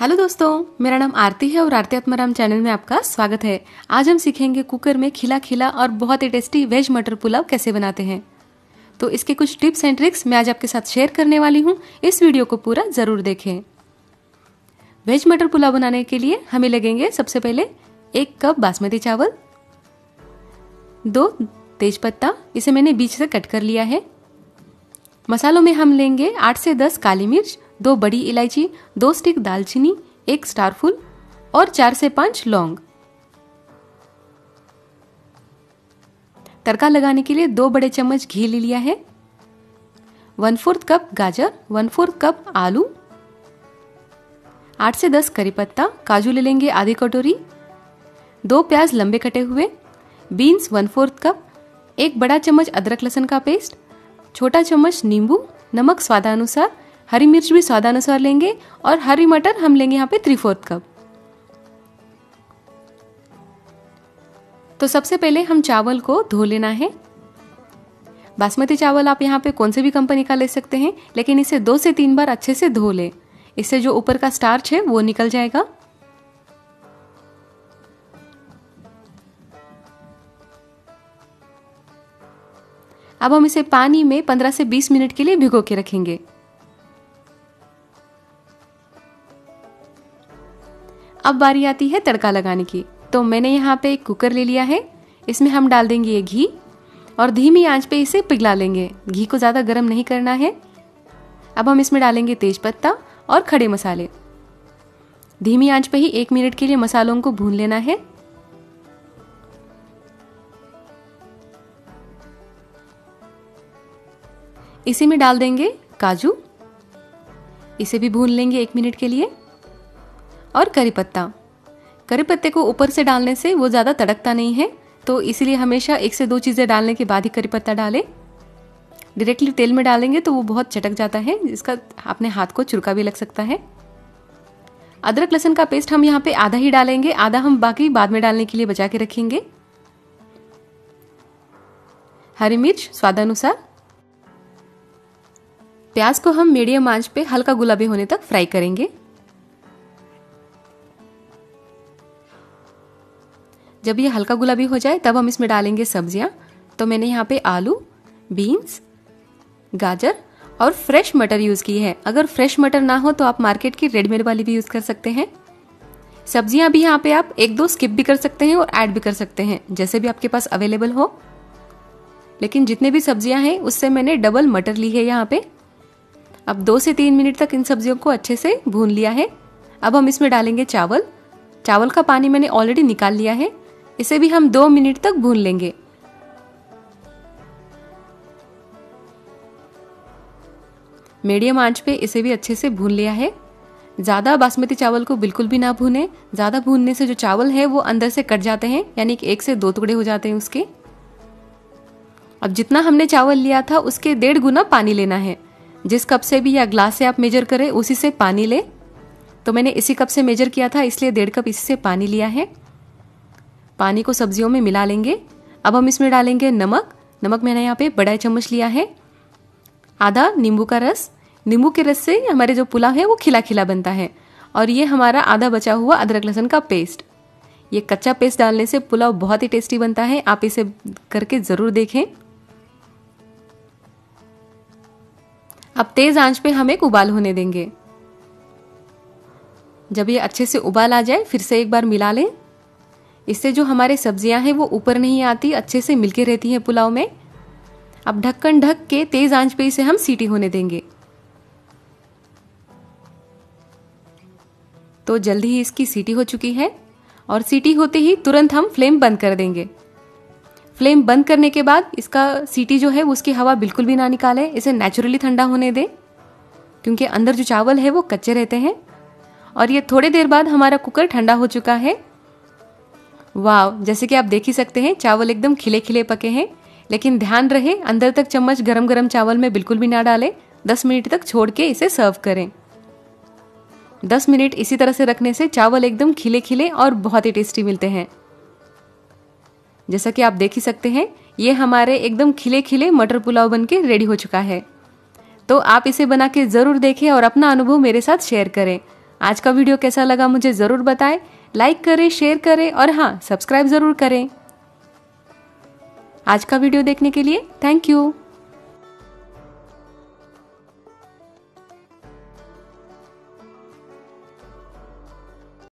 hello दोस्तों मेरा नाम आरती है और आरती आत्माराम चैनल में आपका स्वागत है आज हम सीखेंगे कुकर में खिला खिला और बहुत ही टेस्टी वेज मटर पुलाव कैसे बनाते हैं तो इसके कुछ टिप्स एंड ट्रिक्स मैं आज आपके साथ शेयर करने वाली हूँ इस वीडियो को पूरा ज़रूर देखें वेज मटर पुलाव बनाने के लिए हमें लगेंगे सबसे पहले एक कप बासमती चावल दो तेज पत्ता इसे मैंने बीच से कट कर लिया है मसालों में हम लेंगे आठ से दस काली मिर्च दो बड़ी इलायची दो स्टिक दालचीनी एक स्टारफुल और चार से पांच लौंग तड़का लगाने के लिए दो बड़े चम्मच घी ले लिया है वन फोर्थ कप गाजर वन फोर्थ कप आलू आठ से दस करी पत्ता काजू ले लेंगे आधी कटोरी दो प्याज लंबे कटे हुए बीन्स वन फोर्थ कप एक बड़ा चम्मच अदरक लहसुन का पेस्ट छोटा चम्मच नींबू नमक स्वादानुसार हरी मिर्च भी स्वादानुसार लेंगे और हरी मटर हम लेंगे यहाँ पे थ्री फोर्थ कप तो सबसे पहले हम चावल को धो लेना है बासमती चावल आप यहाँ पे कौन से भी कंपनी का ले सकते हैं लेकिन इसे दो से तीन बार अच्छे से धो ले इससे जो ऊपर का स्टार्च है वो निकल जाएगा अब हम इसे पानी में 15 से 20 मिनट के लिए भिगो के रखेंगे अब बारी आती है तड़का लगाने की तो मैंने यहाँ पे एक कुकर ले लिया है इसमें हम डाल देंगे ये घी और धीमी आंच पे इसे पिघला लेंगे घी को ज़्यादा गर्म नहीं करना है अब हम इसमें डालेंगे तेज पत्ता और खड़े मसाले धीमी आंच पे ही एक मिनट के लिए मसालों को भून लेना है इसी में डाल देंगे काजू इसे भी भून लेंगे एक मिनट के लिए और करी पत्ता करी पत्ते को ऊपर से डालने से वो ज़्यादा तड़कता नहीं है तो इसीलिए हमेशा एक से दो चीज़ें डालने के बाद ही करी पत्ता डालें डायरेक्टली तेल में डालेंगे तो वो बहुत चटक जाता है जिसका अपने हाथ को चुरका भी लग सकता है अदरक लहसुन का पेस्ट हम यहाँ पे आधा ही डालेंगे आधा हम बाकी बाद में डालने के लिए बचा के रखेंगे हरी मिर्च स्वादानुसार प्याज को हम मीडियम आंच पे हल्का गुलाबी होने तक फ्राई करेंगे जब ये हल्का गुलाबी हो जाए तब हम इसमें डालेंगे सब्जियाँ तो मैंने यहाँ पे आलू बीन्स गाजर और फ्रेश मटर यूज़ की है अगर फ्रेश मटर ना हो तो आप मार्केट की रेडीमेड वाली भी यूज़ कर सकते हैं सब्जियां भी यहाँ पे आप एक दो स्किप भी कर सकते हैं और ऐड भी कर सकते हैं जैसे भी आपके पास अवेलेबल हो लेकिन जितने भी सब्जियां हैं उससे मैंने डबल मटर ली है यहाँ पे अब दो से तीन मिनट तक इन सब्जियों को अच्छे से भून लिया है अब हम इसमें डालेंगे चावल चावल का पानी मैंने ऑलरेडी निकाल लिया है इसे भी हम दो मिनट तक भून लेंगे मीडियम आंच पे इसे भी अच्छे से भून लिया है ज़्यादा बासमती चावल को बिल्कुल भी ना भूने ज़्यादा भूनने से जो चावल है वो अंदर से कट जाते हैं यानी कि एक से दो टुकड़े हो जाते हैं उसके अब जितना हमने चावल लिया था उसके डेढ़ गुना पानी लेना है जिस कप से भी या ग्लास से आप मेजर करें उसी से पानी ले तो मैंने इसी कप से मेजर किया था इसलिए डेढ़ कप इसी से पानी लिया है पानी को सब्जियों में मिला लेंगे अब हम इसमें डालेंगे नमक नमक मैंने यहाँ पे बड़ा चम्मच लिया है आधा नींबू का रस नींबू के रस से हमारे जो पुलाव है वो खिला खिला बनता है और ये हमारा आधा बचा हुआ अदरक लहसुन का पेस्ट ये कच्चा पेस्ट डालने से पुलाव बहुत ही टेस्टी बनता है आप इसे करके ज़रूर देखें अब तेज़ आंच पे हम एक उबाल होने देंगे जब ये अच्छे से उबाल आ जाए फिर से एक बार मिला लें इससे जो हमारे सब्जियां हैं वो ऊपर नहीं आती अच्छे से मिलके रहती हैं पुलाव में अब ढक्कन ढक के तेज आंच पे इसे हम सीटी होने देंगे तो जल्द ही इसकी सीटी हो चुकी है और सीटी होते ही तुरंत हम फ्लेम बंद कर देंगे फ्लेम बंद करने के बाद इसका सीटी जो है उसकी हवा बिल्कुल भी ना निकाले इसे नेचुरली ठंडा होने दें क्योंकि अंदर जो चावल है वो कच्चे रहते हैं और ये थोड़ी देर बाद हमारा कुकर ठंडा हो चुका है वाव जैसे कि आप देख ही सकते हैं चावल एकदम खिले खिले पके हैं लेकिन ध्यान रहे अंदर तक चम्मच गरम गरम चावल में बिल्कुल भी ना डालें दस मिनट तक छोड़ के इसे सर्व करें दस मिनट इसी तरह से रखने से चावल एकदम खिले खिले और बहुत ही टेस्टी मिलते हैं जैसा कि आप देख ही सकते हैं ये हमारे एकदम खिले खिले मटर पुलाव बन के रेडी हो चुका है तो आप इसे बना के ज़रूर देखें और अपना अनुभव मेरे साथ शेयर करें आज का वीडियो कैसा लगा मुझे ज़रूर बताएं लाइक करें शेयर करें और हाँ सब्सक्राइब ज़रूर करें आज का वीडियो देखने के लिए थैंक यू